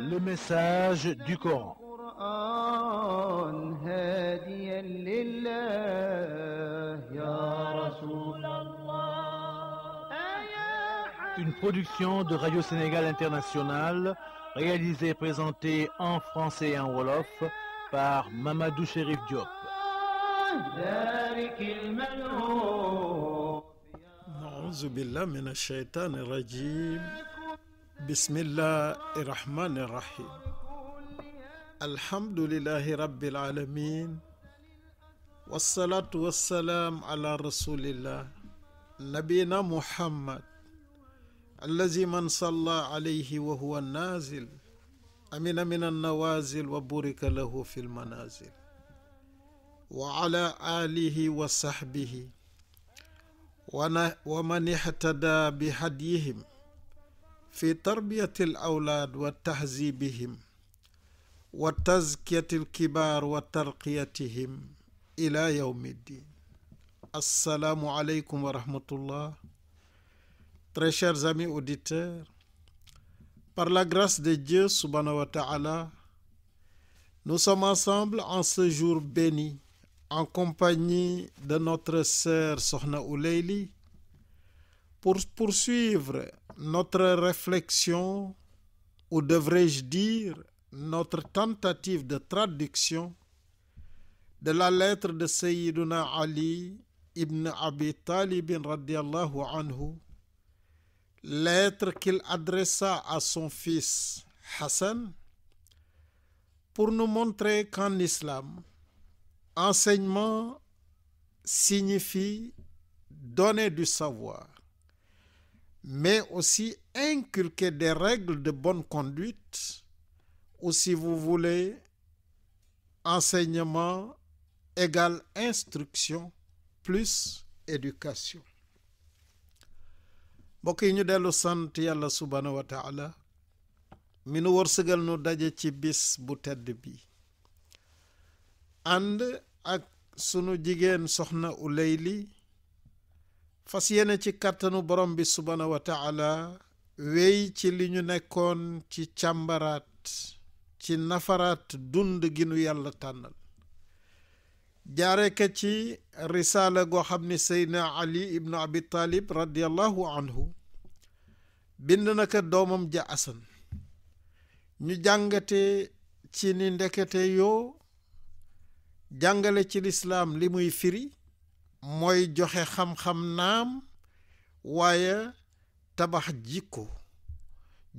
Le message du Coran. Une production de Radio Sénégal International réalisée et présentée en français et en wolof par Mamadou Chérif Diop. أعوذ بالله من الشيطان الرجيم بسم الله الرحمن الرحيم الحمد لله رب العالمين والصلاة والسلام على رسول الله نبينا محمد الذي من صلى عليه وهو النازل أمن من النوازل وبورك له في المنازل وعلى آله وصحبه wana wa man ixtada bi hadyihim fi tarbiyati al awlaad wa tahzibihim wa tazkiyati al kibaar wa tarqiyatihim ila yawmi ddin assalaamu aleykum wa rahmatullah très chers amis auditeurs par la grâce de Dieu subhanahu wa ta'ala nous sommes ensemble en ce jour béni en compagnie de notre sœur Sokhna Ouleili pour poursuivre notre réflexion ou devrais-je dire notre tentative de traduction de la lettre de Sayyiduna Ali ibn Abi Talib radiyallahu anhu lettre qu'il adressa à son fils Hassan pour nous montrer qu'en islam enseignement signifie donner du savoir, mais aussi inculquer des règles de bonne conduite, ou si vous voulez, enseignement égale instruction plus éducation. mbokk yi ñu dellu sant yàlla subhaanahu wa mi nu wërsëgal nu daje ci bis bu tedd bi ak sunu jigéen soxna li fas yéene ci kàttanu borom bi subhaanahu wa taala ci li ñu nekkoon ci càmbaraat ci nafaraat dund gi nu yàlla tànnal jaare ka ci risaala goo xam ni seydna ali ibnu abi taalib radiallahu anhu bind na ko doomam ja asan ñu jàngate ci ni ndekete yoo jàngale ci lislaam li muy firi mooy joxe xam-xam naam waaye tabax jikko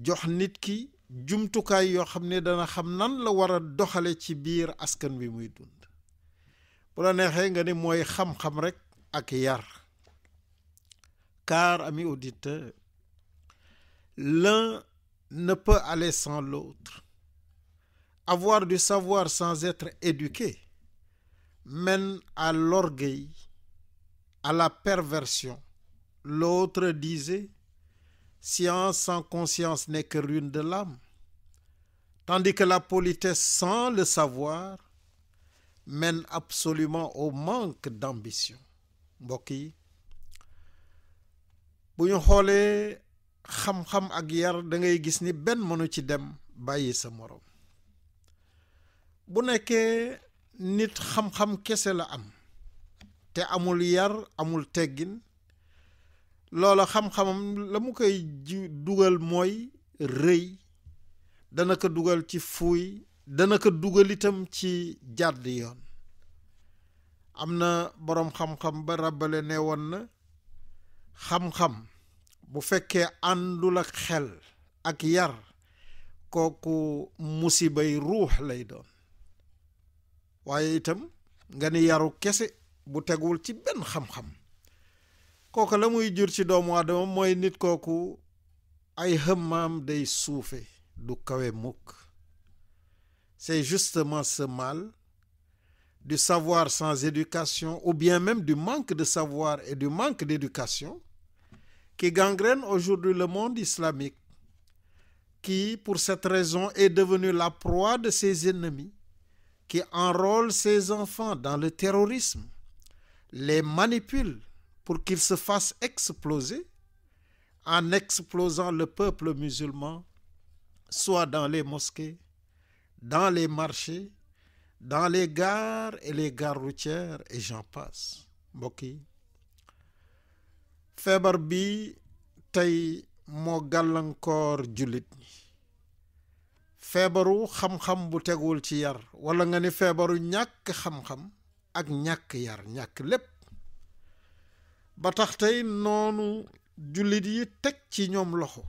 jox nit ki jumtukaay yoo xam ne dana xam nan la war a doxale ci biir askan wi muy dund bu la neexee nga ne mooy xam-xam rek ak yar car ami auditeur l'un ne peut aller sans l'autre avoir du savoir sans être éduqué mène à l'orgueil, à la perversion. L'autre disait, science sans conscience n'est que ruine de l'âme, tandis que la politesse sans le savoir mène absolument au manque d'ambition. mbokk yi bu ñu xoolee xam-xam ak yar da ngay gis ni benn mënu ci dem bàyyi sa moroom bu nekkee nit xam-xam kese la am te amul yar amul teggin loola xam-xamam la mu koy dugal mooy rëy dana ko dugal ci fuuy dana ko dugal itam ci jàdd yoon am na boroom xam-xam ba ràbbale ne woon na xam-xam bu fekkee àndul ak xel ak yar kooku musibay ruux lay doon waaye itam nga ne yaru kese bu teguwul ci benn xam-xam kooku la muy jur ci doomu aadama mooy nit kooku ay xëmmaam day suufe du kawe mukk c'est justement ce mal du savoir sans éducation ou bien même du manque de savoir et du manque d'éducation qui gangrène aujourd'hui le monde islamique qui pour cette raison est devenu la proie de ses ennemis qui enrôle ses enfants dans le terrorisme, les manipule pour qu'ils se fassent exploser en explosant le peuple musulman, soit dans les mosquées, dans les marchés, dans les gares et les gares routières et j'en passe mbokk yi feebar bi tey moo gàllankoor jullit feebaru xam-xam bu tegul ci yar wala nga ni feebaru ñàkk xam-xam ak ñàkk yar ñàkk lépp ba tax tey noonu jullit yi teg ci ñoom loxo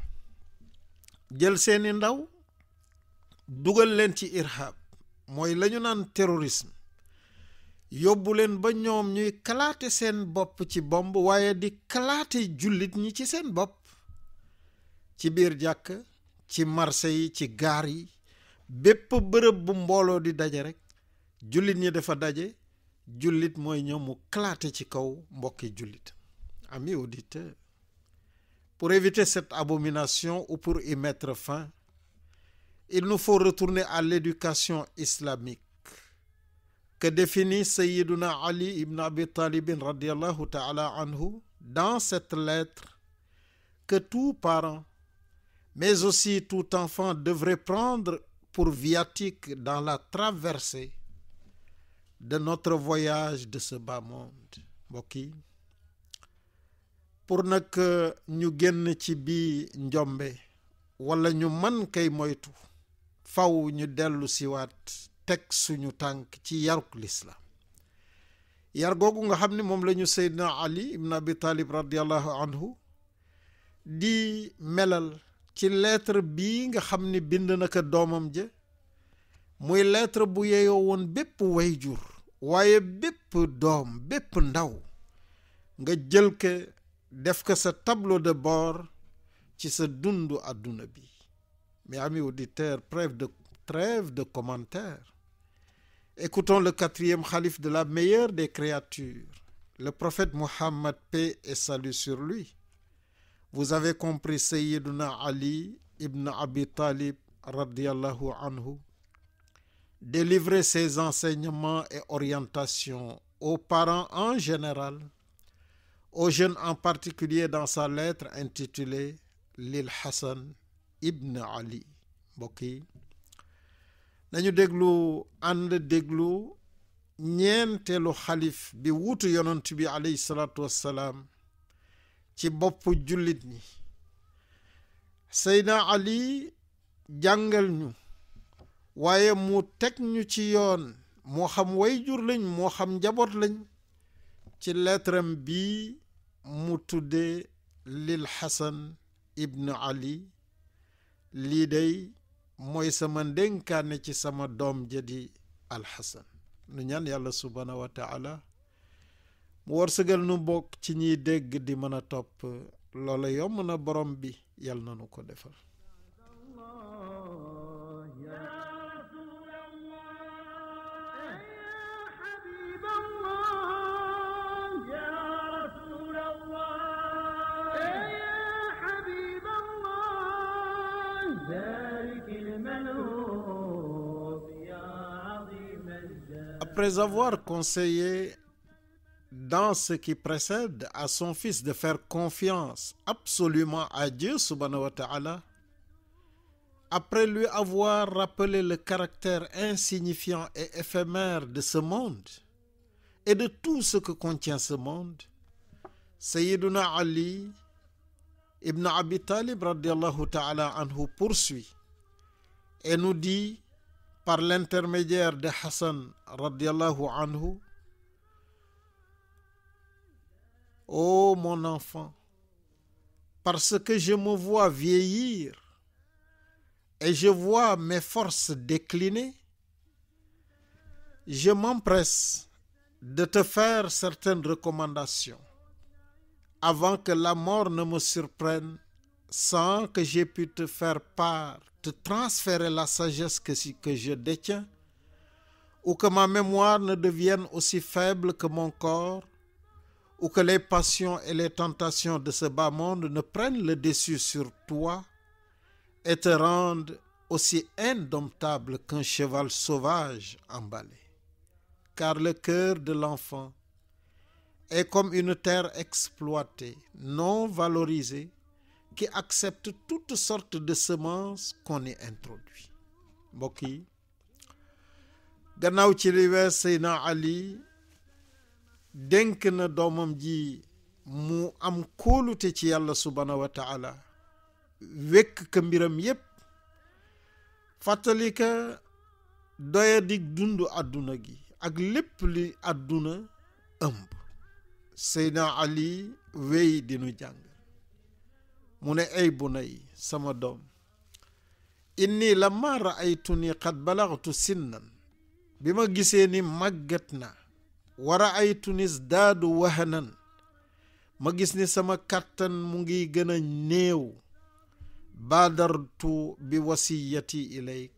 jël seeni ndaw dugal leen ci irhab mooy lañu naan terrorisme yóbbu leen ba ñoom ñuy kalaate seen bopp ci bomb waaye di kalaate jullit ñi ci seen bopp ci biir jàkk ci marché yi ci gaar bépp bërëb bu mbooloo di daje rek jullit ñi dafa daje jullit mooy ñëw mu claté ci kaw mbokki jullit amis auditeurs pour éviter cette abomination ou pour y mettre fin il nous faut retourner à l'éducation islamique que définit Sayyiduna Ali ibn Abi Talib radiyallahu ta'ala anhu dans cette lettre que tout parent mais aussi tout enfant devrait prendre pour viatique dans la traversée de notre voyage de ce bas monde mbokk yi pour nag euh, ñu génn ci bi njombe wala ñu mën kay moytu faw ñu dellu siwaat teg suñu tànk ci yaruk lislaam yar googu nga xam ne moom lañu ñu seydna ali ibn abi talib radiallahu anhu di melal ci lettre bii nga xam ni bind na ko doomam jë muy lettre bu yeyoo woon bépp wayjur waaye bépp doom bépp ndaw nga jël ko def ko sa tableau de bord ci sa dundu àdduna bi mais amis auditeur trêve de trêve de commentaires écoutons le quatrième khalife de la meilleure des créatures le prophète Mohammed paix et salut sur lui vous avez compris Seyyiduna Ali ibn Abi Talib radiallahu anhu délivrer ses enseignements et orientations au parents en général aux jeunes en particulier dans sa lettre intitulée Lil Hassan ibn Ali mbokk yi nañu déglu ànd déglu ñeenteelu halif bi wuutu yonent bi aleyhi salaatu wassalaam ci bopp jullit ñi Seydina Ali jàngal ñu waaye mu teg ñu ci yoon moo xam way jur lañ moo xam njaboot lañ ci leetaram bii mu tudde lil Xasan ibn Ali lii day mooy sama ndénkaane ci sama doom jadi alxasan nu ñaan yàlla subhaanahu wa mu wërsëgal nu bokk ci ñiy dégg di mën a topp loola yomb na borom bi yal na ko defal Après avoir conseillé dans ce qui précède à son Fils de faire confiance absolument à Dieu subhanahu wa ta'ala, après lui avoir rappelé le caractère insignifiant et éphémère de ce monde et de tout ce que contient ce monde, Sayyiduna Ali ibn Abi Talib radiallahu ta'ala anhu poursuit et nous dit par l'intermédiaire de Hassan radiallahu ô oh, mon enfant, parce que je me vois vieillir et je vois mes forces décliner, je m'empresse de te faire certaines recommandations avant que la mort ne me surprenne sans que j'aie pu te faire part, te transférer la sagesse que, que je détiens, ou que ma mémoire ne devienne aussi faible que mon corps ou que les passions et les tentations de ce bas monde ne prennent le dessus sur toi et te rendent aussi indomptable qu'un cheval sauvage emballé. Car le cœur de l'enfant est comme une terre exploitée, non valorisée, qui accepte toutes sortes de semences qu'on y introduit. mbokk yi gannaaw Ali dénk na doomam ji mu am kóolute ci yàlla subhaanahu wa taala wekk ka mbiram yépp fàttali ka doya dig dund àdduna gi ak lépp li àdduna ëmb Seydina Ali wéy dinu jàng mu ne ay bu nay sama doom inni lamma raaytu ni qad balagtu sinnan bi ma gisee ni màgget na wa raaytu nisdaadu wahanan ma gis ni sama kàttan mu ngi gëna a néew baadartu bi wasiyati ilayk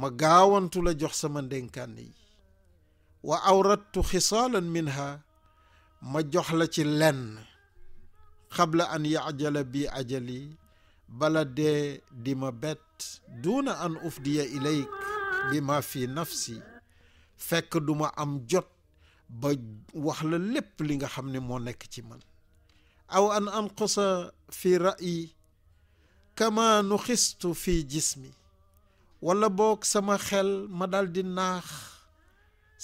ma gaawantu la jox sama ndénkaan yi wa awrattu xisaalan minha ma jox la ci lenn xabla an yajala bi ajali bala dee di ma bett duuna an ufdiya ilayk bi ma fi nafsi fekk duma am jot ba wax la lépp li nga xam ni moo nekk ci man aw an anqusa fi ra'yi kama nuxistu fi jismi wala book sama xel ma daldi naax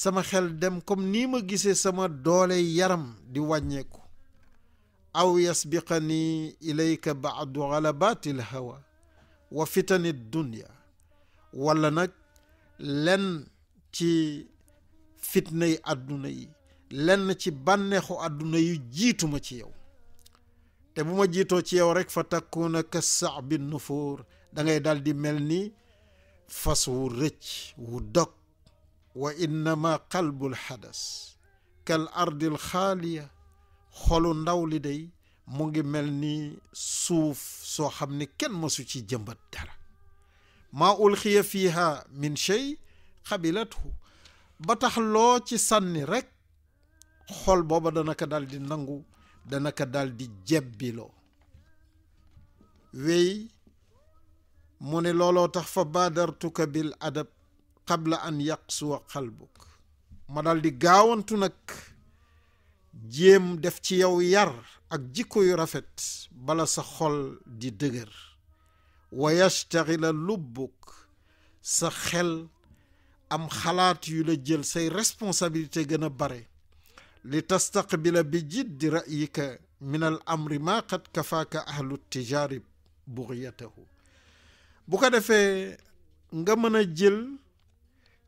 sama xel dem kom nii ma gisee sama doole yaram di wàññeeku aw yasbiqani ilayka baadu galabaati l hawa wa fitani dunya wala nag len ci fitna yi àdduna yi lenn ci bànneexu àdduna yi jiituma ci yow te bu ma jiitoo ci yow rekk fa takkuuna ka saabi nufuur dangay ngay dal di mel ni fas wu rëcc wu dog wa innama qalbul xadas kal ardil xaaliya xolu ndaw li day mu ngi mel ni suuf soo xam ni kenn mësu ci jëmbat dara maa ulxiya fiiha min chey xabilathu ba tax loo ci sànni rekk xol booba dana ko dal di nangu dana ko dal di jebbiloo wey mu ne looloo tax fa baadartuka bil adab qabla an yaqsuwa qalbuk ma dal di gaawantu nag jéem def ci yow yar ak jikko yu rafet bala sa xol di dëgër wa lu lubbuk sa xel am xalaat yu la jël say responsabilité gën a bare li tastaqbila bi jiddi ra'yika minal amri ma qad kafaaka ahlu tijaarib bu ko defee nga mën a jël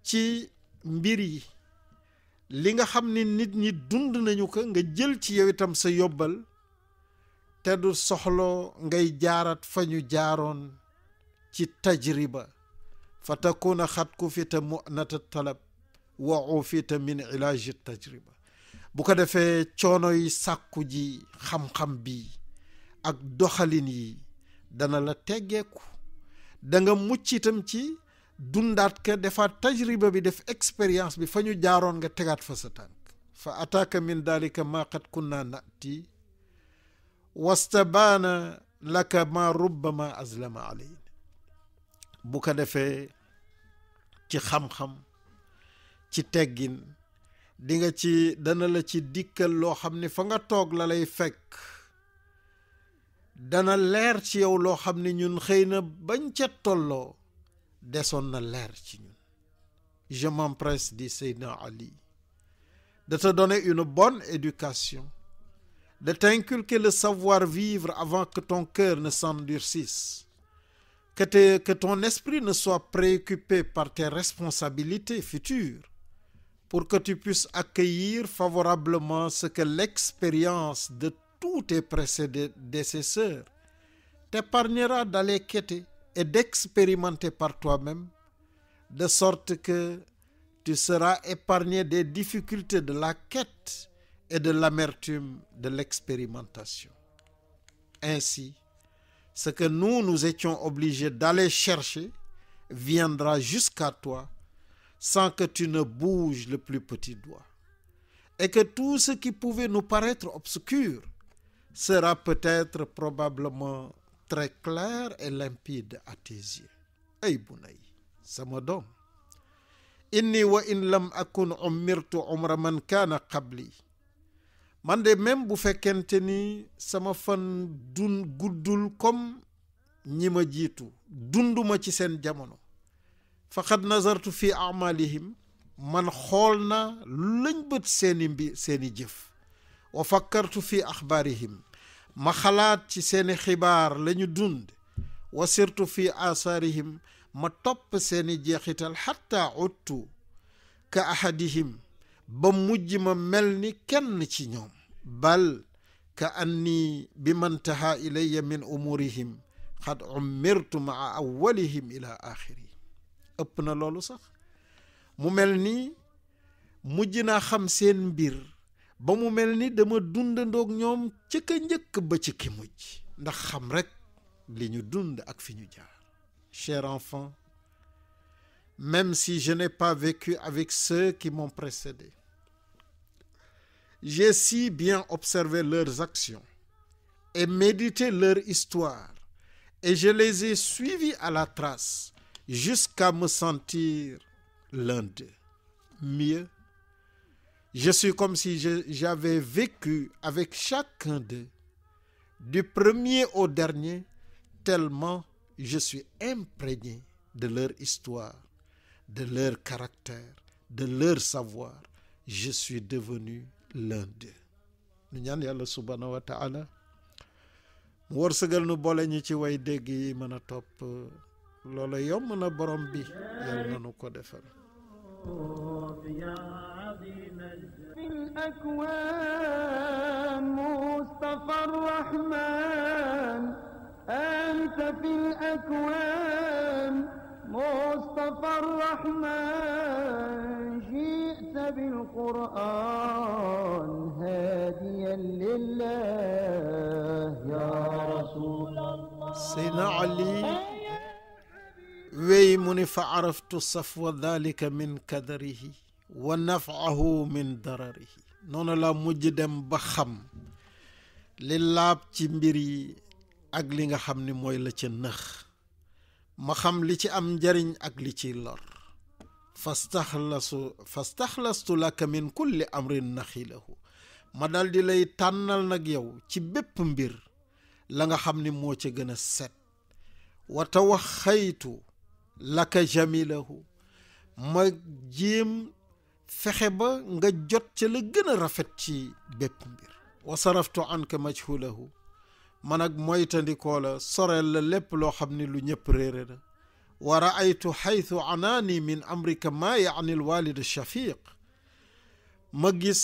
ci mbir yi li nga xam ni nit ñi dund nañu ko nga jël ci yow itam sa yóbbal te du soxloo ngay jaarat fa ñu jaaroon ci tajriba fa takuna xat ku fita munata talab wa ufita min ilaaji tajriba bu ko defee coono yi sàkku ji xam-xam bi ak doxalin yi dana la teggeeku danga nga mucc itam ci dundaat ka defaat tajriba bi def expérience bi fa ñu jaaroon nga tegaat fa sa tànk fa ataaka min dalika ma qad kunna nati wastabaana laka ma rubbama azlama alayna bu ko defee ci xam-xam ci teggin dinga ci dana la ci dikkal loo xam ni fa nga toog la lay fekk dana leer ci yow loo xam ni ñun xëy na bañ ca tolloo desoon na leer ci ñun je m'empresse di Seydina Ali de te donner une bonne éducation de t'inculquer le savoir-vivre avant que ton cœur ne s'endurcisse que, te, que ton esprit ne soit préoccupé par tes responsabilités futures pour que tu puisses accueillir favorablement ce que l'expérience de tous tes prédécesseurs t'épargnera d'aller quêter et d'expérimenter par toi-même, de sorte que tu seras épargné des difficultés de la quête et de l'amertume de l'expérimentation. ce que nous nous étions obligés d'aller chercher viendra jusqu'à toi sans que tu ne bouges le plus petit doigt et que tout ce qui pouvait nous paraître obscur sera peut-être probablement très clair et limpide à tes yeux ay bunay sama doom inni wa in lam akun umirtu umra man kaana qabli man de même bu fekkente ni sama fan dun guddul comme ñi ma jiitu dunduma ci seen jamono faqad nazartu fi amalihim man xool na lañ bët seeni mbi seeni jëf wa fakkartu fi axbaarihim ma xalaat ci seeni xibaar lañu dund wa sirtu fi asaarihim ma topp seeni jeexital xatta uttu ka ahadihim ba mujj ma mel ni kenn ci ñoom bal ka anni bi mantaha ilayya min umurihim xad ummirtu maa awalihim ila axiri ëpp na loolu sax mu mel ni mujj naa xam seen mbir ba mu mel ni dama dundandoog ñoom ci njëkk ba ci ki mujj ndax xam rekk li ñu dund ak fi ñu jaar cher enfant même si je n'ai pas vécu avec ceux qui m'ont précédé j'ai si bien observé leurs actions et médité leur histoire, et je les ai suivis à la trace jusqu'à me sentir l'un d'eux. Mieux, je suis comme si j'avais vécu avec chacun d'eux, du premier au dernier, tellement je suis imprégné de leur histoire, de leur caractère, de leur savoir. Je suis devenu lundi ñu ñaan yàlla subhaanahu wa taala mu wërsëgal nu boole ñu ci way dégg yi mën a topp loola yomb na borom bi yàlla na nu ko defal أنت في الأكوان مصطفى الرحمن جئت بالقرآن هاديا لله يا رسول الله سيدنا علي وي من فعرفت صفو ذلك من كدره ونفعه من ضرره noonu la mujj dem ba xam li laab ci mbir yi ak li nga xam ni mooy la ca nëx ma xam li ci am njariñ ak li ciy lor fastaxlasu fastaxlastu laka min kulli amrin naxilahu ma dal di lay tànnal nag yow ci bépp mbir la nga xam ni moo ca gën a set wa tawaxaytu laka jamilahu ma jéem fexe ba nga jot ca la gën a rafet ci bépp mbir wa saraftu anka majhulahu man ak moytandikoo la soreel la lépp loo xam ni lu ñëpp réere la wa raaytu xaytu anaani min amrika maa yaani lwalid shafiq ma gis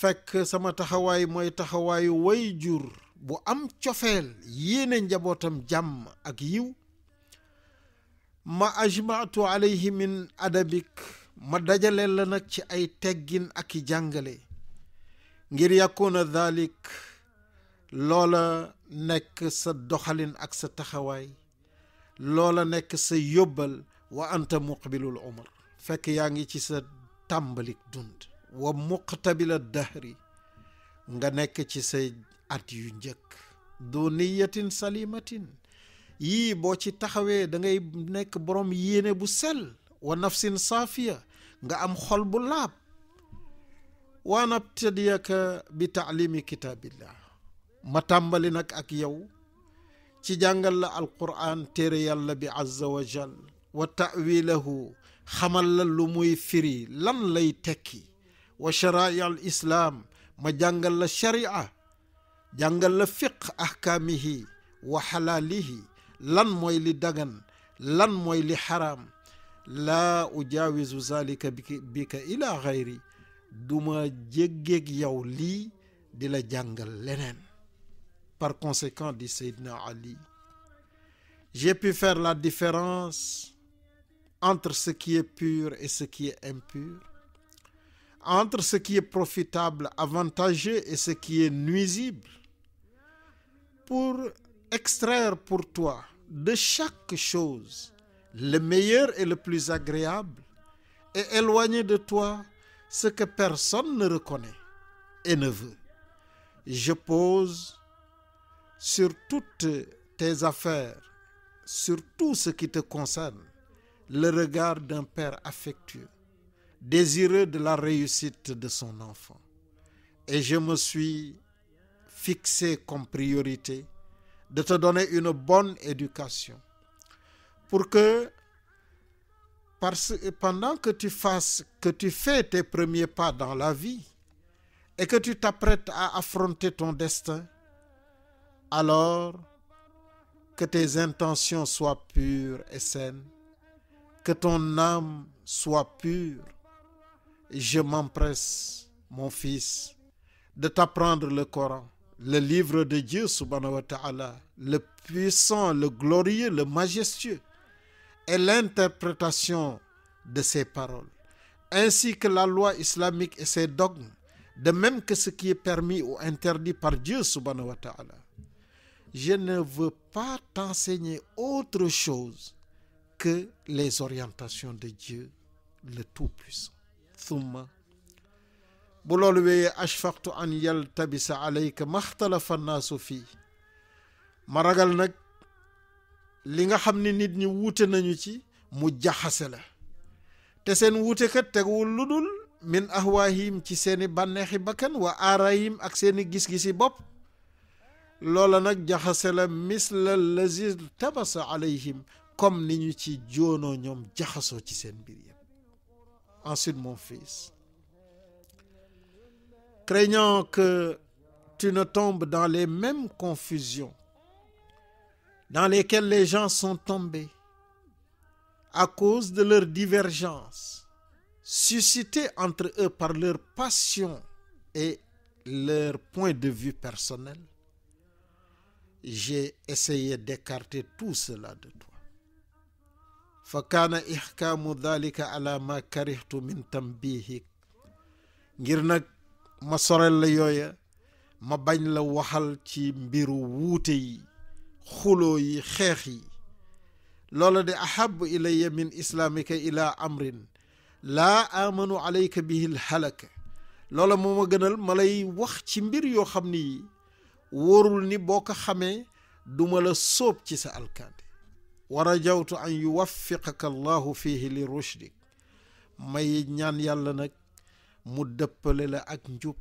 fekk sama taxawaay mooy taxawaayu way jur bu am cofeel yéene njabootam jàmm ak yiw ma ajmaatu alayhi min adabik ma dajaleel la nag ci ay teggin ak i jàngale ngir yàkkoona dhalik loola nekk sa doxalin ak sa taxawaay loola nekk sa yóbbal wa anta muqbilul umar fekk yaa ngi ci sa tàmbalik dund wa muqtabila dahri nga nekk ci say at yu njëkk du niyatin salimatin yii boo ci taxawee dangay nekk boroom yéene bu sel wa nafsin saafiya nga am xol bu laab waanabtadiyaka bi taalimi kitaabillah ma tàmbali nag ak yow ci jàngal la alquran téere yàlla bi azza wa jal wa tawilahu xamal la lu muy firi lan lay tekki wa sharai al islaam ma jàngal la sharia jàngal la fiq ahkaamihi wa xalaalihi lan mooy li dagan lan mooy li xaraam laa ujaawizu zalika bika ila xayri duma jéggeeg yow lii di la jàngal leneen Par conséquent, dit Sayyidina Ali, j'ai pu faire la différence entre ce qui est pur et ce qui est impur, entre ce qui est profitable, avantageux et ce qui est nuisible, pour extraire pour toi de chaque chose le meilleur et le plus agréable, et éloigner de toi ce que personne ne reconnaît et ne veut. Je pose sur toutes tes affaires, sur tout ce qui te concerne, le regard d'un père affectueux, désireux de la réussite de son enfant. Et je me suis fixé comme priorité de te donner une bonne éducation pour que parce pendant que tu fasses que tu fais tes premiers pas dans la vie et que tu t'apprêtes à affronter ton destin alors que tes intentions soient pures et saines, que ton âme soit pure. Je m'empresse, mon fils, de t'apprendre le Coran, le livre de Dieu subhanahu wa ta'ala, le puissant, le glorieux, le majestueux, et l'interprétation de ses paroles, ainsi que la loi islamique et ses dogmes, de même que ce qui est permis ou interdit par Dieu subhanahu wa ta'ala. je ne veux pas t'enseigner autre chose que les orientations de Dieu le Tout-Puissant thumma bu loolu wéyee ashfaqtu an yaltabisa alayka maxtalafa naasu fii ma ragal nag li nga xam ni nit ñi wuute nañu ci mu jaxase la te seen wuute kat teguwul lu dul min ahwaahim ci seeni bànneexi bakkan wa aarayim ak seeni gis-gisi bopp loola nag jaxase la misla lazi tabasa alayhim comme ni ñu ci joonoo ñoom jaxasoo ci seen mbir yëpp ensuite mon fils craignant que tu ne tombes dans les mêmes confusions dans lesquelles les gens sont tombés à cause de leurs divergences suscitées entre eux par leur passion et leur point de vue personnel j'ai essayé d'écarter tout cela de toi fa kaana ixkaamu dalika ala ma karihtu min tambihik ngir nag ma sorel la yooya ma bañ la waxal ci mbiru wuute xuloy xuloo yi xeex yi loola de ahabu ilaya min islaamika ila amrin laa amanu alayka bihi l halaka loola moo gënal ma lay wax ci mbir yoo xam ni wóorul ni boo ko xamee duma la soob ci sa alkande wara jawtu an yuwaffiqaka allahu fihi li rushdik may ñaan yàlla nag mu dëppale la ak njub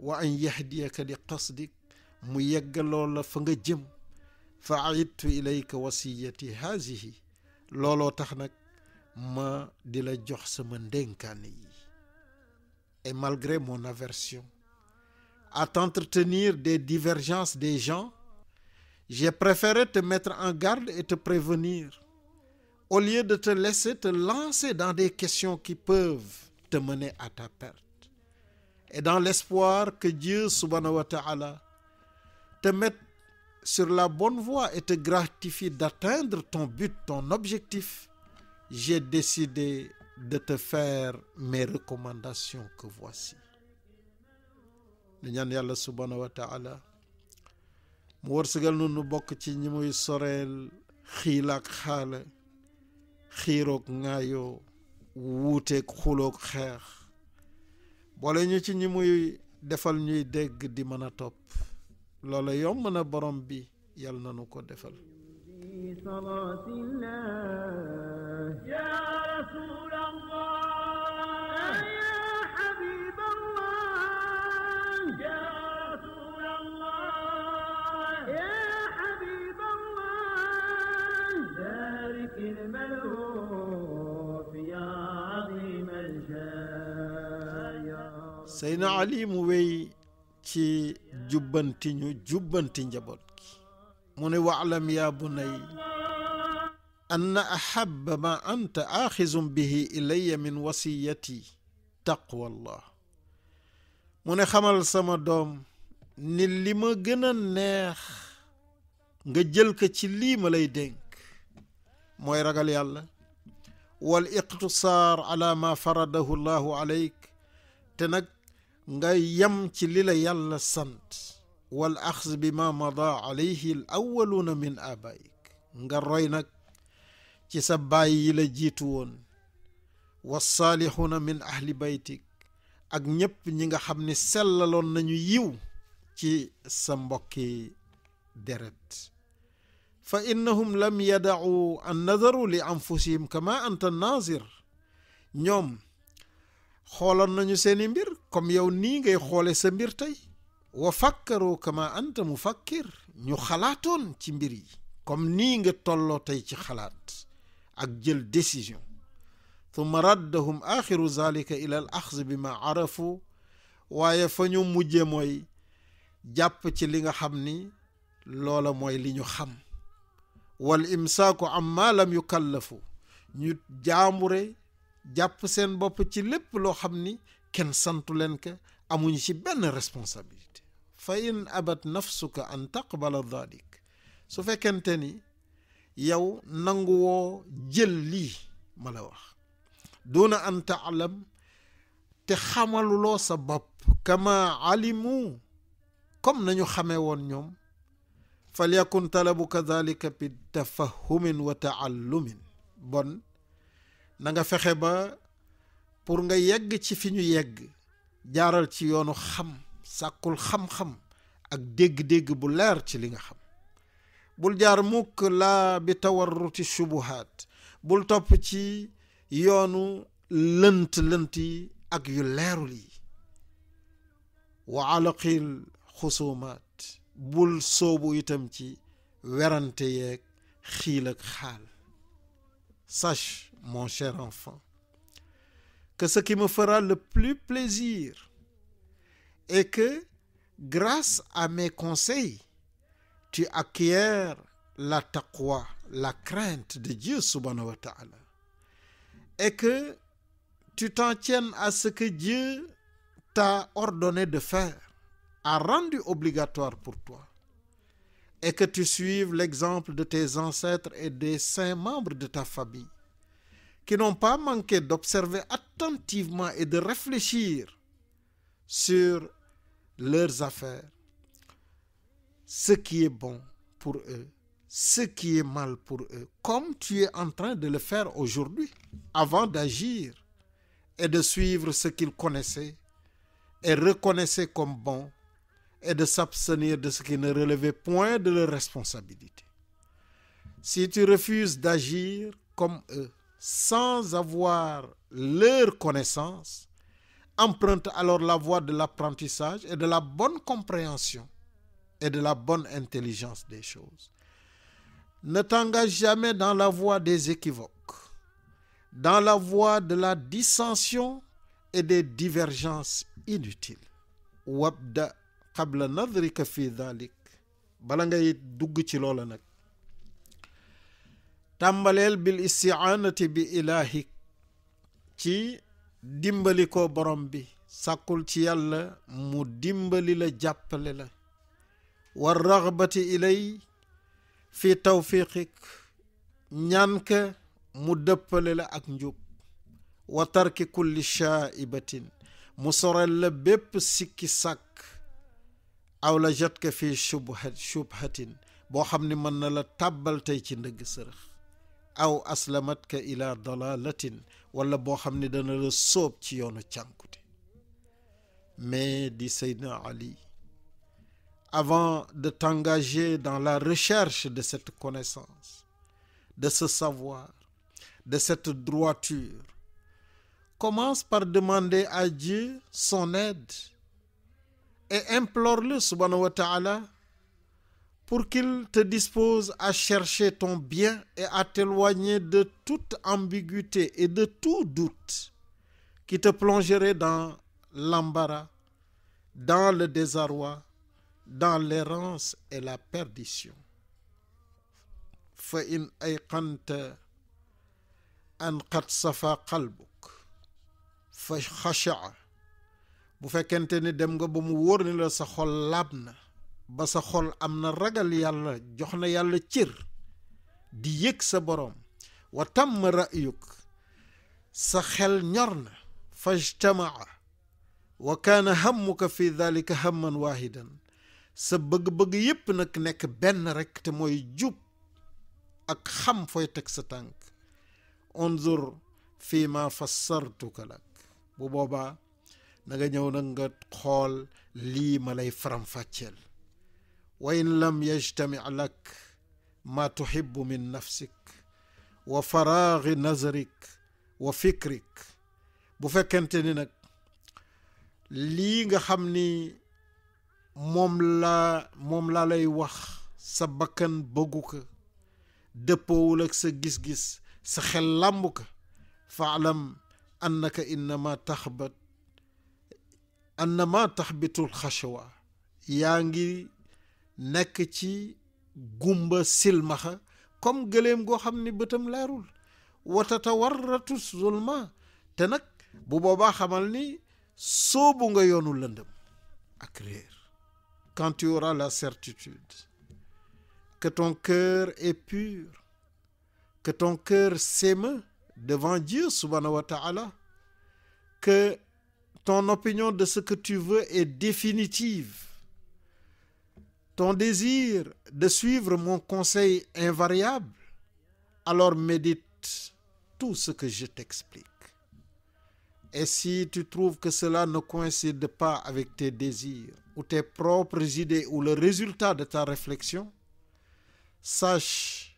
wa an yahdiyaka li qasdik mu yeggaloo la fa nga jëm fa aidtu ilayka wasiyati haasihi looloo tax nag ma di la jox sama ndénkaane yi et malgré mon aversion à t'entretenir des divergences des gens, j'ai préféré te mettre en garde et te prévenir, au lieu de te laisser te lancer dans des questions qui peuvent te mener à ta perte. Et dans l'espoir que Dieu, subhanahu wa ta'ala, te mette sur la bonne voie et te gratifie d'atteindre ton but, ton objectif, j'ai décidé de te faire mes recommandations que voici. di ñaan yàlla subhaanahu wa taala mu wërsëgal nun nu bokk ci ñi muy soreel xiilaak xaale xiiroog ŋaayoo wuuteeg xulook xeex boole ñu ci ñi muy defal ñuy dégg di mën a topp loola yomb na borom bi yàlla na nu ko defal صلاة الله يا رسول الله Seydina Ali mu wéy ci jubbanti ñu jubbanti njaboot gi mu ne waalam yaa bunay anna ahaba ma anta aaxizum bihi ilaya min wasiyati taqwa allah mu ne xamal sama doom ni li ma gën a neex nga jël ko ci lii ma lay dénk mooy ragal yàlla wal iqtisaar ala ma faradahu llahu aleyk te nag nga yem ci lila la yàlla sant wal axz bi ma mada alayhi al awwaluuna min abaik nga roy nag ci sa baay yi la jiitu woon wasaalixuuna min ahli baytik ak ñépp ñi nga xam ne sellaloon nañu yiw ci sa mbokki deret fa innahum lam yadacu an nadaru li anfusihim kama anta nazir ñoom xooloon nañu seeni mbir comme yow nii ngay xoole sa mbir tey wa fakkaru kama anta mu fakkir ñu xalaatoon ci mbir yi comme nii nga tolloo tey ci xalaat ak jël décision thumma raddahum axiru zalika ila al axz bi ma arafu waaye fa ñu mujje mooy jàpp ci li nga xam ni loola mooy li ñu xam wal imsaaku amma lam kallafu ñu jaamure jàpp seen bopp ci lépp loo xam ni kenn santu leen ka amuñu ci benn responsabilité fa in abat nafsuka an taqbala dalik su fekkente ni yow nanguwoo jël lii ma la wax duna an taalam te xamaluloo sa bopp kama alimu comme nañu xamee woon ñoom fal yakun talabu kadalika bi tafahumin wa taallumin bon nanga fexe ba pour nga yegg ci fi ñu yegg jaaral ci yoonu xam sàkkul xam-xam ak dégg-dégg bu leer ci li nga xam bul jaar mukk laa bi tawarruti shubuhaat bul topp ci yoonu lënt lënt yi ak yu leerul yi wa alaqil xusumaat bul soobu itam ci werante yeek xiil ak xaal Sache, mon cher enfant, que ce qui me fera le plus plaisir est que, grâce à mes conseils, tu acquiers la taqwa, la crainte de Dieu subhanahu wa ta'ala, et que tu t'en tiennes à ce que Dieu t'a ordonné de faire, a rendu obligatoire pour toi. et que tu suives l'exemple de tes ancêtres et des saints membres de ta famille, qui n'ont pas manqué d'observer attentivement et de réfléchir sur leurs affaires, ce qui est bon pour eux, ce qui est mal pour eux, comme tu es en train de le faire aujourd'hui, avant d'agir et de suivre ce qu'ils connaissaient et reconnaissaient comme bon et de s'abstenir de ce qui ne relevait point de leurs responsabilités. Si tu refuses d'agir comme eux, sans avoir leur connaissance, emprunte alors la voie de l'apprentissage et de la bonne compréhension et de la bonne intelligence des choses. Ne t'engage jamais dans la voie des équivoques, dans la voie de la dissension et des divergences inutiles. qabla nadrika fi dalik bala ngay dugg ci loola nag tàmbaleel bil istiaanati bi ilaahik ci dimbali ko borom bi sàkkul ci yàlla mu dimbali la jàppale la war raxbati ilay fi tawfiqik ñaan ka mu dëppale la ak njub wa tarki kulli shaa'ibatin mu sorel la bépp sikki sàkk aw la jot ka fii shubhat shubhatin boo xam ni mën na la tàbbal tey ci ndëgg sërëx aw aslamat ka ila dalalatin wala boo xam ni dana la sóob ci yoonu cànkute mais di Seydina Ali avant de t'engager dans la recherche de cette connaissance de ce savoir de cette droiture commence par demander à Dieu son aide et implore-le, subhanahu wa ta'ala, pour qu'il te dispose à chercher ton bien et à t'éloigner de toute ambiguïté et de tout doute qui te plongerait dans l'embarras, dans le désarroi, dans l'errance et la perdition. fa in ayqanta an safa qalbuk fa xashaa bu fekkente ni dem nga ba mu wóor ni la sa xol laab na ba sa xol am na ragal yàlla jox na yàlla cër di yëg sa boroom wa tàmm ra'yuk sa xel ñor na fajtamaa wa kaana hammuka fi dalika hamman waahidan sa bëgg-bëgg yépp nag nekk benn rek te mooy jub ak xam foy teg sa tànk unzur fi ma fassartuka lak bu boobaa na nga ñëw nag nga xool lii ma lay faram-fàcceel wa in lam yajtami lak ma tuhibu min nafsik wa wa fikrik bu fekkente ni nag lii nga xam ni moom laa moom laa lay wax sa bakkan bëggu ko dëppoowul ak sa gis-gis sa xel làmb ko faalam annaka innama taxbat ma tax taxbitul xashwa yaa ngi nekk ci gumba silmaxa comme gëléem goo xam ne bëtam leerul watatawarratu zulma te nag bu boobaa xamal ni soobu nga yoonu lëndëm ak réer quand tu auras la certitude que ton cœur pur que ton cœur devant Dieu subhanahu wa ta'ala Ton opinion de ce que tu veux est définitive. Ton désir de suivre mon conseil invariable, alors médite tout ce que je t'explique. Et si tu trouves que cela ne coïncide pas avec tes désirs ou tes propres idées ou le résultat de ta réflexion, sache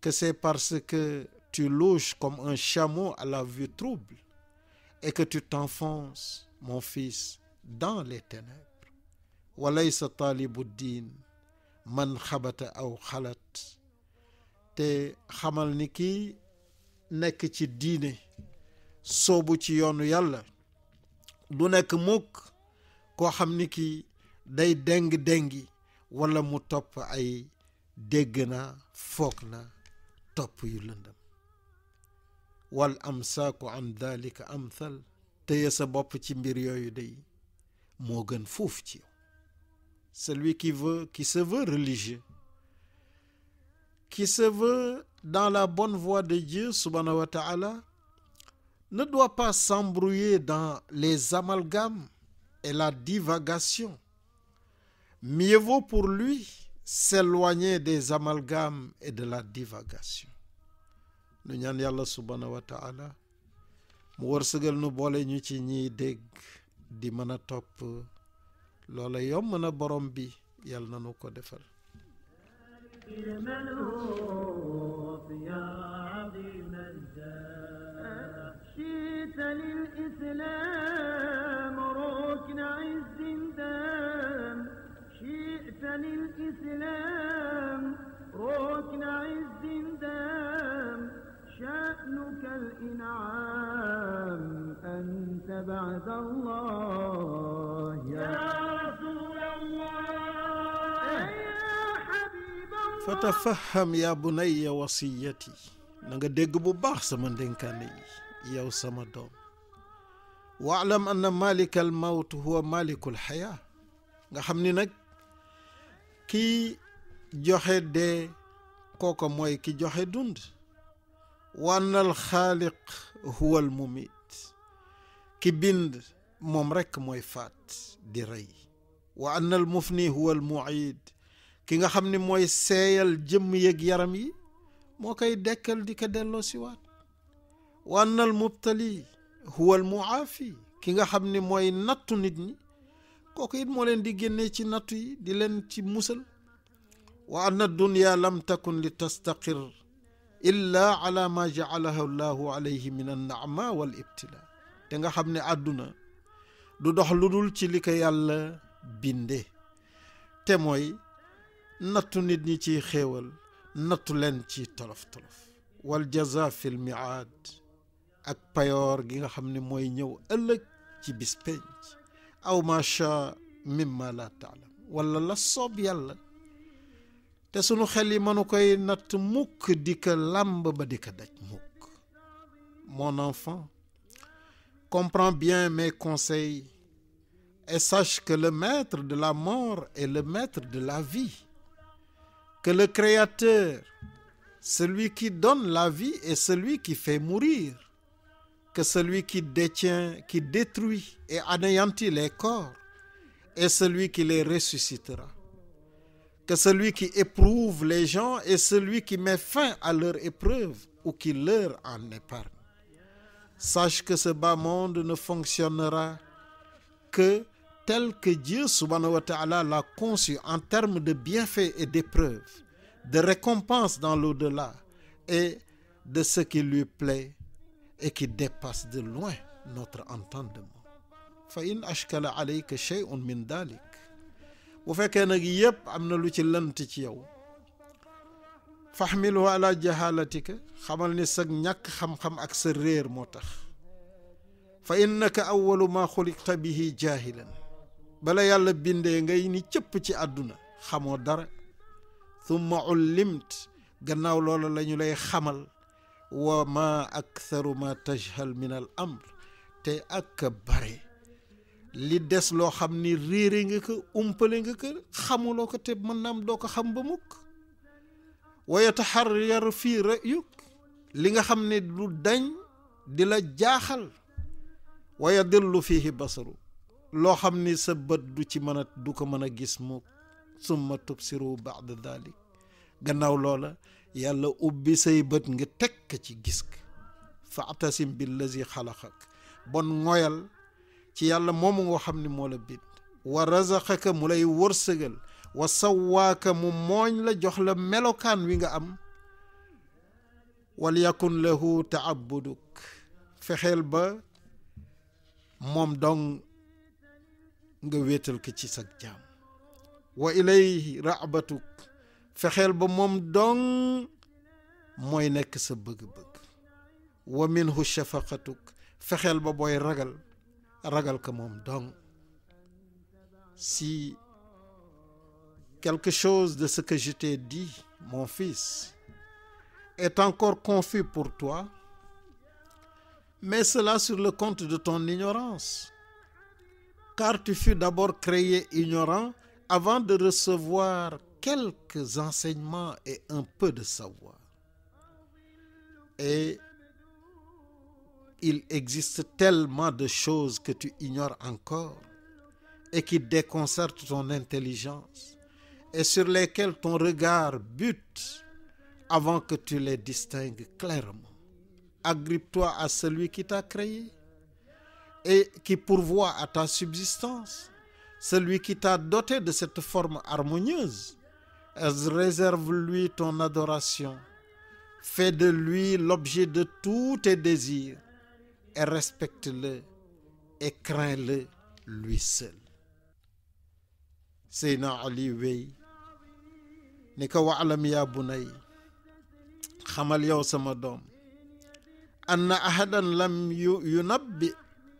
que c'est parce que tu louches comme un chameau à la vue trouble et que tu t'enfonces, mon fils, dans les ténèbres. walaysa taalibu diin man xabata aw xalaat te xamal ni kii nekk ci diine soobu ci yoonu yàlla du nekk mukk koo xam ni kii day déng-déngi wala mu topp ay dégg na foog na topp yu lëndam wal amsaaku an am amthal téye sa bopp ci mbir yooyu day moo gën fuuf ci yow celui qui veut qui dans la bonne voie de Dieu subhanahu wa ta'ala ne doit pas s'embrouiller dans les amalgames et la divagation mieux vaut pour lui s'éloigner des amalgames et de la divagation nu ñaan yàlla subhaanahu wa taala mu wërsëgal nu boole ñu ci ñiy dégg di mën a topp loola yomb na borom bi yàlla na nu ko defal شأنك الإنعام أنت بعد الله يا رسول الله يا حبيب الله فتفهم يا بني na nga dégg bu baax sama ndénkaane yi yow sama doom waalam anna malika al huwa malikul xayaa nga xam ni nag ki joxe dee kooko mooy ki joxe dund wa anna alxaaliq huwa almumit ki bind moom rekk mooy faat di rey wa anna almufni huwa almuid ki nga xam ni mooy seeyal jëmm yeg yaram yi moo koy dekkal di ko delloo siwaat wa anna almubtali huwa almuaafi ki nga xam ni mooy nattu nit ñi kooku it moo leen di génnee ci nattu yi di leen ci musal wa anna dunya lam takun li tastaqir illa ala ma jacalahu llahu alayhi min annaama wal ibtila te nga xam ne àdduna du dox lu dul ci li ko yàlla binde te mooy nattu nit ñi ciy xéewal nattu leen ci tolof-tolof wal jaza fil miaad ak payoor gi nga xam ne mooy ñëw ëllëg ci bis penc aw macha mimma la taalam wala la soob yàlla te sunu xel yi mënu koy natt mukk di ko làmb ba di ko mon enfant comprends bien mes conseils et sache que le maître de la mort est le maître de la vie que le créateur celui qui donne la vie est celui qui fait mourir que celui qui détient qui détruit et anéantit les corps est celui qui les ressuscitera que celui qui éprouve les gens est celui qui met fin à leur épreuve ou qui leur en épargne. Sache que ce bas monde ne fonctionnera que tel que Dieu subhanahu l'a conçu en termes de bienfaits et d'épreuves, de récompenses dans l'au-delà et de ce qui lui plaît et qui dépasse de loin notre entendement. Fa in ashkala alayka shay'un min dalik bu fekkee nag yëpp am na lu ci lant ci yow fahmilu ala jahalatika xamal ni sag ñàkk xam-xam ak sa réer moo tax fa innaka awalu ma xuliqta bihi jaahilan bala yàlla bindee ngay ni cëpp ci àdduna xamoo dara thumma ullimt gannaaw loola lañu lay xamal wa ma aktharu ma tajhal min al amr te ak bare li des loo xam ni réere nga ko umpale nga ko xamuloo ko te mën naa am doo ko xam ba mukk wa yataxaryaru fii rayuk li nga xam ne du dañ di la jaaxal wa yadillu fiihi basaru loo xam ni sa bët du ci mën a du ko mën a gis mukk summa tubsiru baada dalik gannaaw loola yàlla ubbi say bët nga teg ci gis ka fa atasim billazi xalaxak bon ngoyal ci yàlla moomu ngoo xam ni moo la bind wa razaqaka mu lay wërsëgal wa sawaaka mu mooñ la jox la melokaan wi nga am wal yakun lahu taabuduk fexeel ba moom dong nga wéetal ci sag jaam wa fexeel ba moom dong mooy nekk sa bëgg-bëgg wa minhu shafaqatuk fexeel ba booy ragal ragal ko moom donc si quelque chose de ce que je t'ai dit mon fils est encore confus pour toi mets cela sur le compte de ton ignorance car tu fus d'abord créé ignorant avant de recevoir quelques enseignements et un peu de savoir il existe tellement de choses que tu ignores encore et qui déconcertent ton intelligence et sur lesquelles ton regard bute avant que tu les distingues clairement. Agrippe-toi à celui qui t'a créé et qui pourvoit à ta subsistance, celui qui t'a doté de cette forme harmonieuse. Réserve-lui ton adoration. Fais de lui l'objet de tous tes désirs et respecte-le et crains-le lui seul Seydina Ali wey ni ko waalam yaa bunay xamal yow sama doom anna ahadan lam yu yunabbi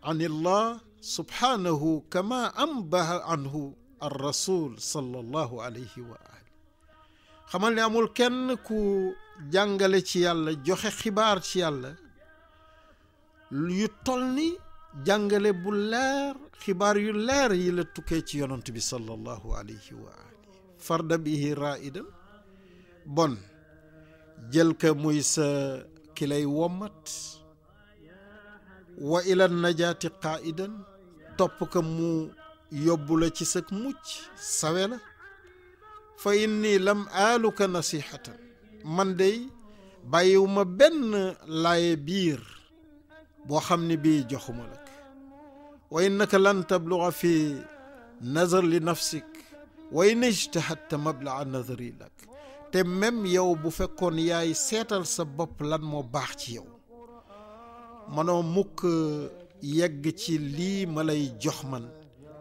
an illah subhaanahu kama ambaha anhu ar rasul sallallahu alayhi wa ali xamal ku jàngale ci yàlla joxe xibaar ci yàlla yu toll ni jàngale bu leer xibaar yu leer yi la tukkee ci yonant bi sallallahu alayhi wa alihi farda bihi bon jël ko muy sa ki lay wommat wa ila najaati qaaidan topp ko mu yóbbu la ci sag mucc sawe la fa inni lam aaluka nasihatan man dey bàyyiwu ma benn laaye biir boo xam ne bii joxuma la wa innaka lan tabluga fi nazar li nafsik wa in ijtahadta mablaga nazari lak te même yow bu fekkoon yaay seetal sa bopp lan moo baax ci yow manoo mukk yegg ci lii ma lay jox man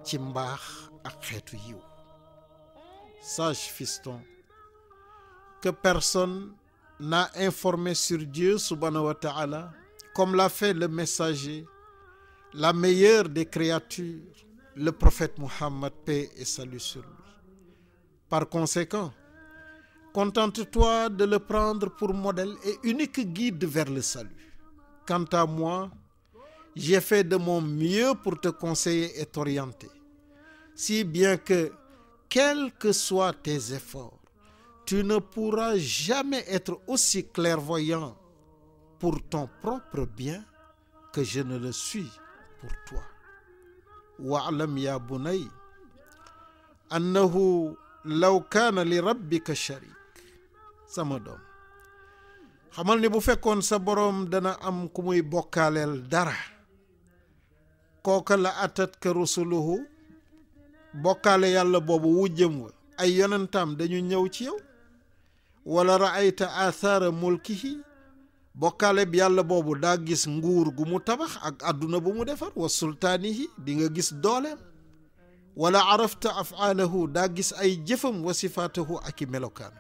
ci mbaax ak xeetu yiw sage fiston que personne n'a informé sur Dieu subhanahu wa ta'ala comme l'a fait le messager, la meilleure des créatures, le prophète Mohammed, paix et salut sur lui. Par conséquent, contente-toi de le prendre pour modèle et unique guide vers le salut. Quant à moi, j'ai fait de mon mieux pour te conseiller et t'orienter, si bien que, quels que soient tes efforts, tu ne pourras jamais être aussi clairvoyant pour ton propre bien que je ne le suis pour toi waalam ya bunay annahu law kaana li rabbika sharik sama doom xamal ni bu fekkoon sa boroom dana am ku muy bokkaaleel dara kooka la atat ka rusuluhu bokkaale yàlla boobu wujjëm wa ay yonentaam dañu ñëw ci yow wala raayta athaara mulkihi bokkaale bi yàlla boobu daa gis nguur gu mu tabax ak àdduna bu mu defar wa sultaanihi di gis dooleem wala arafta afaalahu daa gis ay jëfam wa sifaatahu ak i melokaan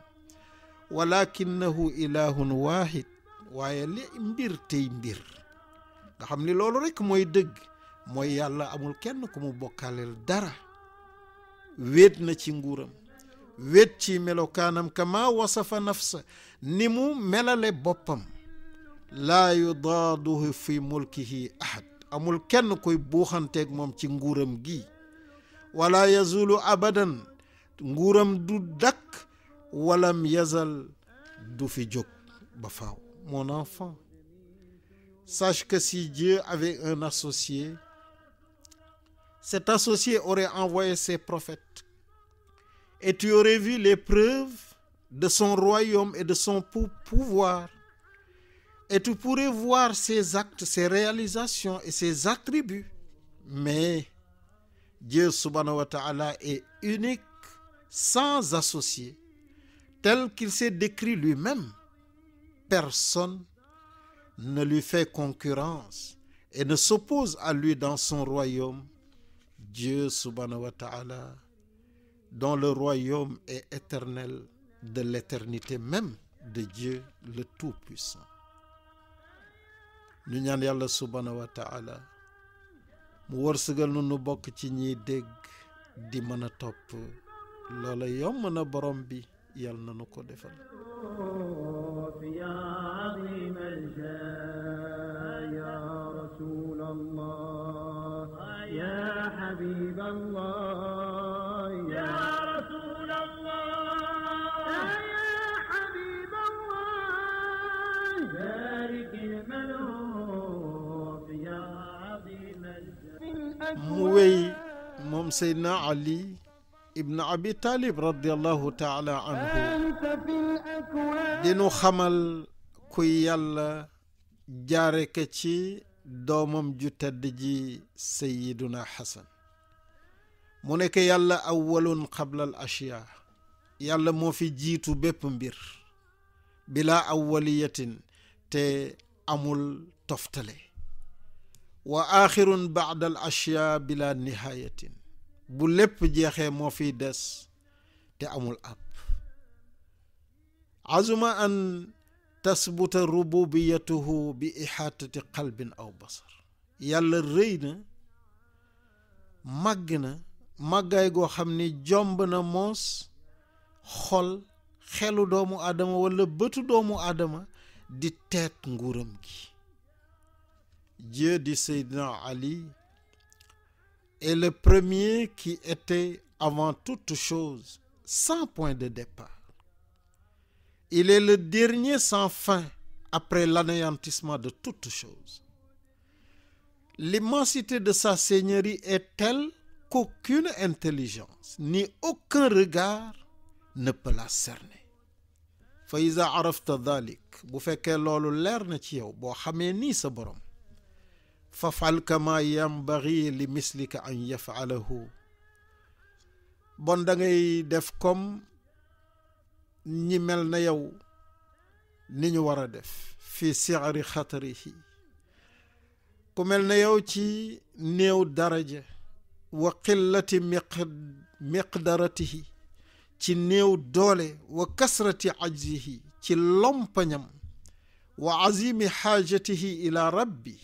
walakinahu ilahun waahid waaye li mbir tey mbir nga xam ni loolu rekk mooy dëgg mooy yàlla amul kenn ku mu bokkaaleel dara wéet na ci nguuram wéet ci melokaanam kama wasafa nafsa ni mu melale boppam laa yudaaduhu fi mulkihi ahad amul kenn koy buuxanteeg moom ci nguuram gi wala yazulu abadan nguuram du dakk walam yazal du fi jóg ba faaw mon enfant sache que si Dieu avait un associé cet associé aurait envoyé ses prophètes et tu vu les preuves de son royaume et de son pouvoir Et tu pourrais voir ses actes, ses réalisations et ses attributs. Mais Dieu subhanahu wa ta'ala est unique, sans associé, tel qu'il s'est décrit lui-même. Personne ne lui fait concurrence et ne s'oppose à lui dans son royaume. Dieu subhanahu wa ta'ala, dont le royaume est éternel de l'éternité même de Dieu le Tout-Puissant. ñu ñaan yàlla subhaanahu wa taala mu wërsëgal nu nu bokk ci ñiy dégg di mëna topp loola yomb na borom bi yàlla na ko defal mu wéy moom Seydina Ali ibn Abi Talib radiallahu taala anhu dinu xamal ku yàlla jaare ka ci doomam ju tedd ji Seydina Xasan mu nekk yàlla awwalun qabla al ashiya yàlla moo fi jiitu bépp mbir bila awwaliyatin te amul toftale waa axirun baada al ashya bila nihayatin bu lépp jeexee moo fi des te amul ab azuma an tasbuta rububiyatuhu bi ihaatati qalbin aw basar yàlla rëy na màgg na màggaay goo xam ni jomb na moos xol xelu doomu aadama wala bëtu doomu aadama di teet nguuram gi Dieu dit Seydina Ali, est le premier qui était avant toute chose sans point de départ. Il est le dernier sans fin après l'anéantissement de toute chose. L'immensité de sa seigneurie est telle qu'aucune intelligence ni aucun regard ne peut la cerner. fa iza arafta dhalik bu fekkee loolu leer na ci yow boo xamee ni sa borom fafal kama yambari li mislika an yafalahu bon dangay def kom ñi mel na yow ni ñu war a def fii sixari xatarihi ku mel na yow ci néew daraja wa qillati miqdaratihi ci néew doole wa kasrati ajzihi ci lompañam wa azimi xaajatihi ila rabbi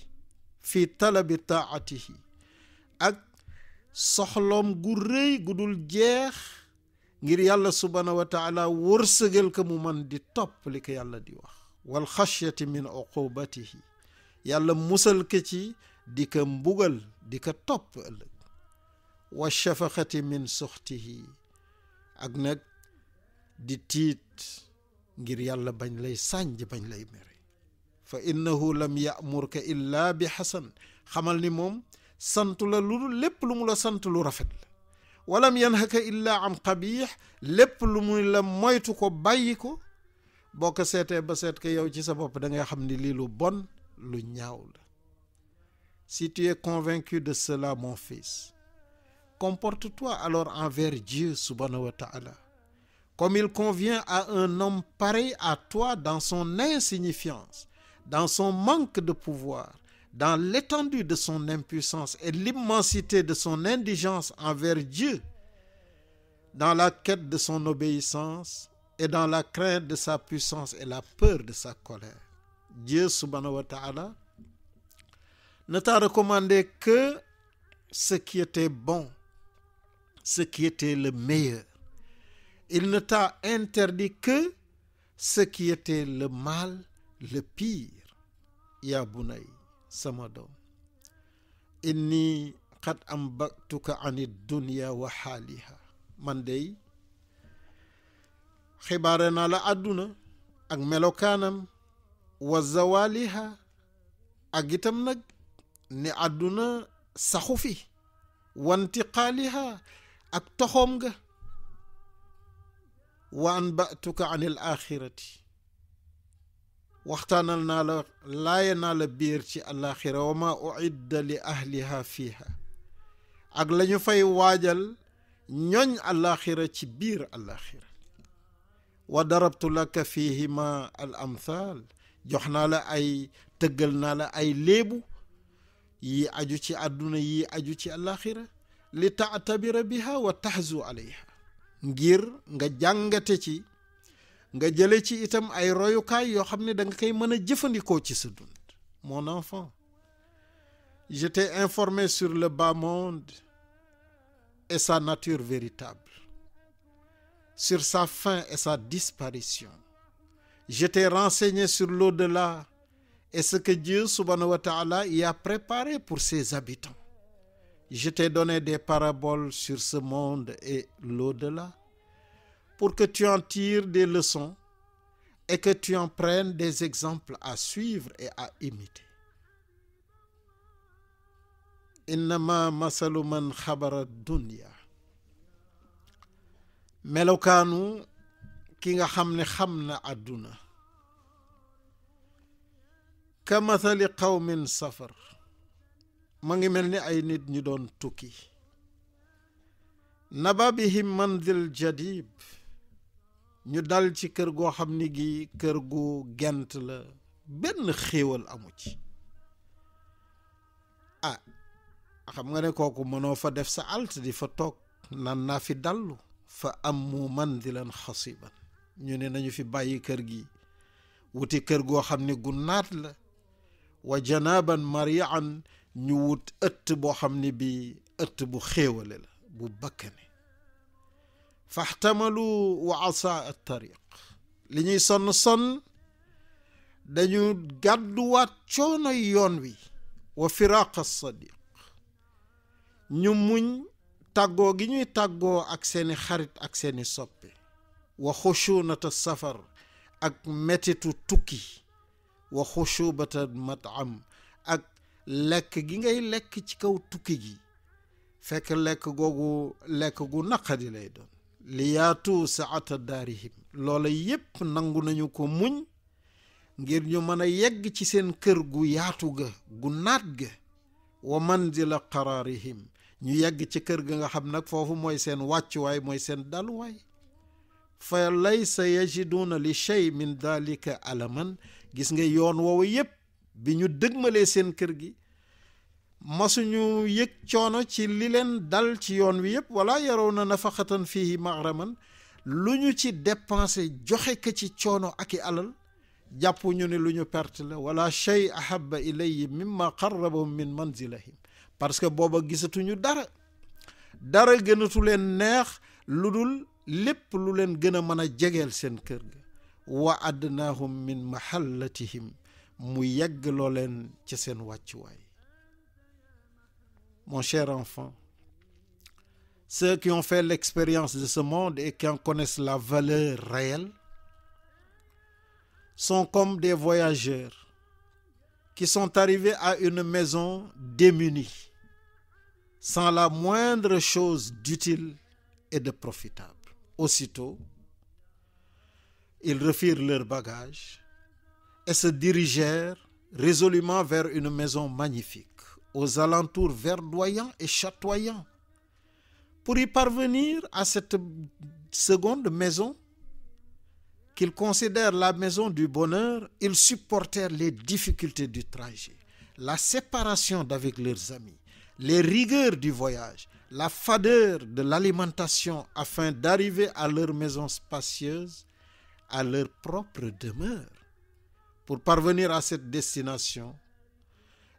fi talabi taatihi ak soxlom gu rëy gu dul jeex ngir yàlla subhaanahu wa taala wërsëgal ko mu man di topp li ko yàlla di wax wal xashyati min uqubatihi yàlla musal ko ci di ko mbugal di ko topp ëllëg wa shafaqati min suxtihi ak nag di tiit ngir yàlla bañ lay sànj bañ lay mer fa innahu lam yamurka illa bi xasan xamal ni moom sant la lu lépp lu mu la sant lu rafet la walam yanhaka illa an qabiix lépp lu mu la moytu ko bàyyi ko boo ko seetee ba seet ko yow ci sa bopp da ngay xam ni lii lu bon lu ñaaw la si tu es convaincu de cela mon fils comporte-toi alors envers Dieu subhanahu wa comme il convient à un homme pareil à toi dans son insignifiance dans son manque de pouvoir, dans l'étendue de son impuissance et l'immensité de son indigence envers Dieu, dans la quête de son obéissance et dans la crainte de sa puissance et la peur de sa colère. Dieu subhanahu wa ta'ala ne t'a recommandé que ce qui était bon, ce qui était le meilleur. Il ne t'a interdit que ce qui était le mal, le pire. yaa bunay sama doom inni xat am baktuka ani dunia wa xaaliha man dey xibaare naa la àdduna ak melokaanam wa zawaaliha ak itam nag ne àdduna saxufi fi wanti ak toxom nga wa an batuka axirati waxtaanal naa la laaya la biir ci àllaaxira wa ma uidda li ahliha fiiha ak la ñu fay waajal ñooñ àllaaxira ci biir àllaaxira wa darabtu laka fihima al jox naa la ay tëggal naa la ay léebu yi aju ci àdduna yi aju ci àllaaxira li taatabira biha wa taxzu alayha ngir nga jàngate ci nga jële ci itam ay royukaay yoo xam ne da nga koy mën a jëfandikoo ci sa dund mon enfant je t'ai sur le bas monde et sa nature véritable sur sa fin et sa disparition je t'ai renseigné sur l'au-delà et ce que Dieu subhanahu wa ta'ala y a préparé pour ses habitants je t'ai donné des paraboles sur ce monde et de delà pour que tu en tires des leçons et que tu en prennes des exemples à suivre et à imiter innama masalu man xabara dunya melokaanu ki nga xam ni xam na àdduna ka mathali qawmin safar ma ngi mel ni ay nit ñu doon tukki naba bihim manzil jadib ñu dal ci kër goo xam ni gi kër gu gent la benn xéewal amu ci a ah, xam nga ne kooku mënoo fa def sa alt di fa toog naan naa fi dallu fa am mu man di leen xasiban ñu ne nañu fi bàyyi kër gi wuti kër goo xam ni gu naat la wa janaban marian ñu wut ëtt boo xam ni bi ëtt bu xéewale la bu bakkane faxtamalu wa asa tariq li ñuy sonn-sonn dañu gàdduwaat coono yoon wi wa firaq sadiq ñu muñ tàggoo gi ñuy tàggoo ak seeni xarit ak seeni soppe wa xushunata safar ak metitu tukki wa xushubata matam ak lekk gi ngay lekk ci kaw tukki gi fekk lekk googu lekk gu naqadi lay doon li yaatu saata daarihim loola yépp nangu nañu ko muñ ngir ñu mën a yegg ci seen kër gu yaatu ga gu naat ga wa manzila qaraarihim ñu yegg ci kër ga nga xam nag foofu mooy seen wàccuwaay mooy seen daluwaay fa laysa yajiduuna li shay min dalika alaman gis nga yoon woowu yépp bi ñu dëgmalee seen kër gi masuñu yëg coono ci li leen dal ci yoon wi yëpp wala yarow na nafaqatan fii maxraman lu ñu ci dépensé joxe ko ci coono ak i alal jàpp ñu ne lu ñu perte la wala shay ahaba ilayhi mimma qarrabahum min manzilahim parce que booba gisatuñu dara dara gënatu leen neex lu dul lépp lu leen gën a mën a jegeel seen kër ga wa adnaahum min mahallatihim mu yegg loo leen ci seen wàccuwaay mon cher enfant, ceux qui ont fait l'expérience de ce monde et qui en connaissent la valeur réelle sont comme des voyageurs qui sont arrivés à une maison démunie, sans la moindre chose d'utile et de profitable. Aussitôt, ils refirent leurs bagages et se dirigèrent résolument vers une maison magnifique aux alentours verdoyants et chatoyants. Pour y parvenir à cette seconde maison, qu'ils considèrent la maison du bonheur, ils supportèrent les difficultés du trajet, la séparation d'avec leurs amis, les rigueurs du voyage, la fadeur de l'alimentation afin d'arriver à leur maison spacieuse, à leur propre demeure. Pour parvenir à cette destination,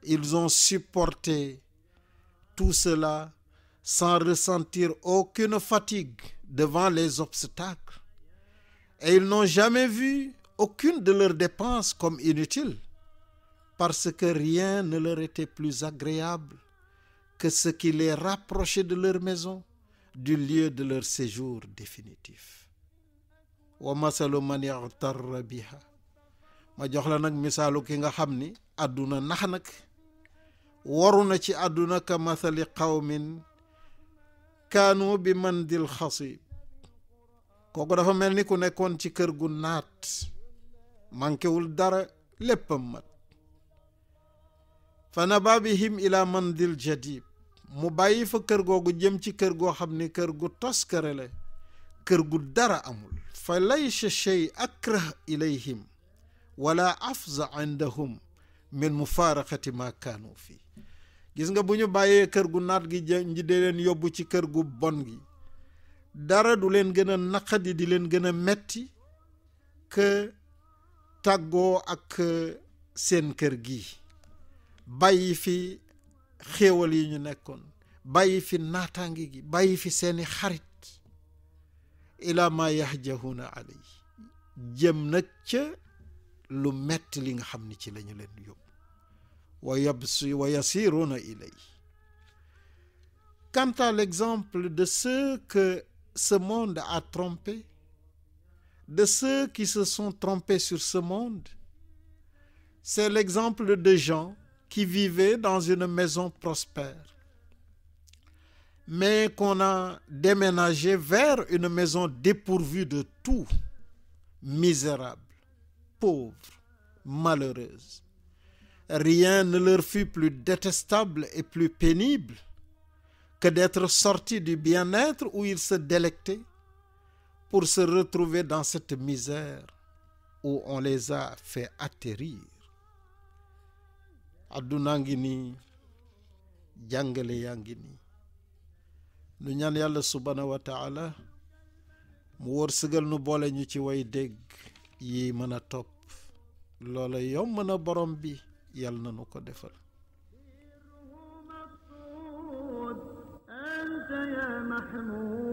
Ils ont supporté tout cela sans ressentir aucune fatigue devant les obstacles. Et ils n'ont jamais vu aucune de leurs dépenses comme inutile, parce que rien ne leur était plus agréable que ce qui les rapprochait de leur maison, du lieu de leur séjour définitif. wa masalu man yaxtarra biha ma jox la nag misaalu ki nga xam ni àdduna nax nag waru na ci àdduna ka mathali qawmin kaanu bi mandil xasib kooku dafa mel ni ku nekkoon ci kër gu naat mànkewul dara léppam mat fa naba bihim ila mandil jadib mu bàyyi fa kër googu jëm ci kër goo xam ni kër gu toskare kër gu dara amul fa laysa shay akrah ilayhim wala afza indahum min mufaaraqati ma kaanu fii gis nga bu ñu bàyyee kër gu naat gi ji di leen yóbbu ci kër gu bon gi dara du leen gën a naqadi di leen gën a metti que tàggoo ak seen kër gi bàyyi fi xéewal yi ñu nekkoon bàyyi fi naataangi gi bàyyi fi seeni xarit ilaa ma yahjahuna alay jëm nag ca lu metti li nga xam ni ci lañu leen yóbbu wa yabsi wa yasiruna ilay quant à l'exemple de ceux que ce monde a trompés de ceux qui se sont trompés sur ce monde c'est l'exemple de gens qui vivaient dans une maison prospère mais qu'on a déménagé vers une maison dépourvue de tout misérable pauvre malheureuse rien ne leur fut plus détestable et plus pénible que d'être sortis du bien-être où ils se délectaient pour se retrouver dans cette misère où on les a fait atterrir adduna ngi nii jàngale yaa ngi nii nu ñaan yàlla subhaanahu wa taala mu wërsëgal nu boole ñu ci way dégg yi mën a topp loola yomb na borom bi yàlla na nu ko defal أنت يا محمود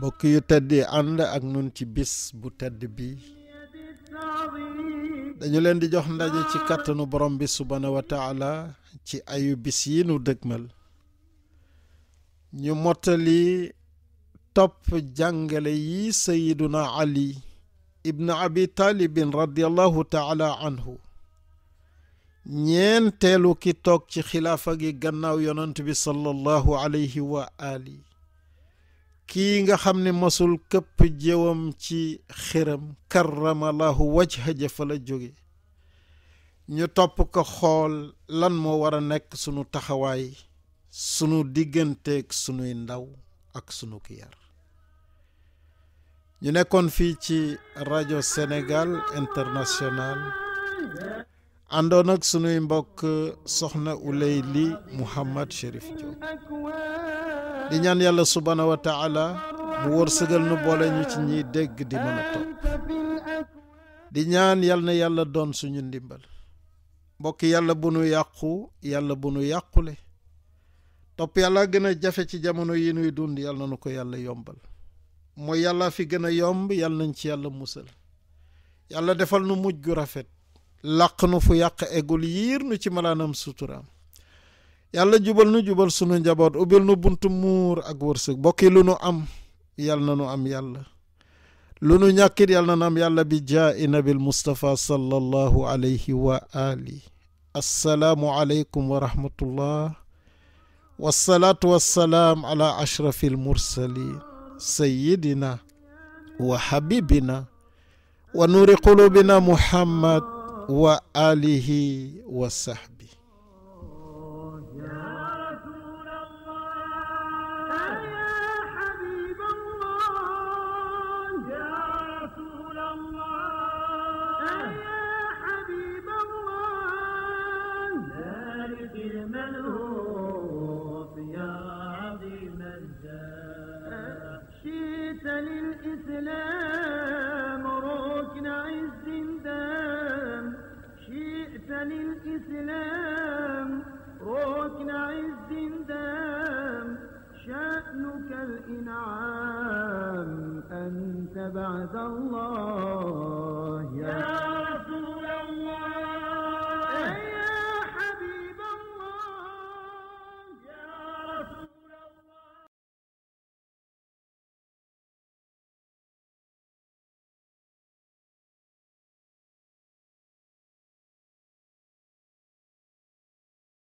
mbokk yu tedd yi ànd ak nun ci bis bu tedd bi dañu leen di jox ndaje ci kàttanu borom bi subhaanahu wa ci ayu bis yi nu dëgmal ñu mottali topp jàngale yi sayiduna ali ibn abi taalibin radiallahu taala anhu ñeenteelu ki toog ci xilaafa gi gannaaw yonent bi sallallahu ali kii nga xam ni masul këpp jëwam ci xiram karramallahu wajha ja fa la jóge ñu topp ko xool lan moo war a nekk sunu taxawaay sunu digganteek sunuy ndaw ak sunu yar ñu nekkoon fii ci rajo Sénégal International àndoon ak sunuy mbokk soxna Uleyli Mouhamad Chérif Diop di ñaan yàlla subhaana wa taala mu wërsëgal nu boole ñu ci ñiy dégg di mën a di ñaan yàlla na yàlla doon suñu ndimbal mbokk yàlla bu nu yàqu yàlla bu nu yàqule topp yàlla gën a jafe ci jamono yi nuy dund yàlla na nu ko yàlla yombal mooy yàlla fi gën a yomb yàlla nañ ci yàlla musal yàlla defal nu mujj gu rafet làq nu fu yàq eggul yiir nu ci malaanam suturaam yàlla jubal nu jubal sunu njaboot ubbil nu buntu muur ak wërsëg bokki lu nu am yàlla na nu am yàlla lu nu ñàkkit yàlla na nu am yàlla bi jaa i nabil mustapha sallallahu alayhi wa ali assalaamu aleykum wa rahmatullah wassalaatu wassalaam ala ashrafi almursalin sayidina wa habibina wa nuuri qulubina muhammad wa alihi wa sahbi شأنك الإنعام أنت بعد الله يا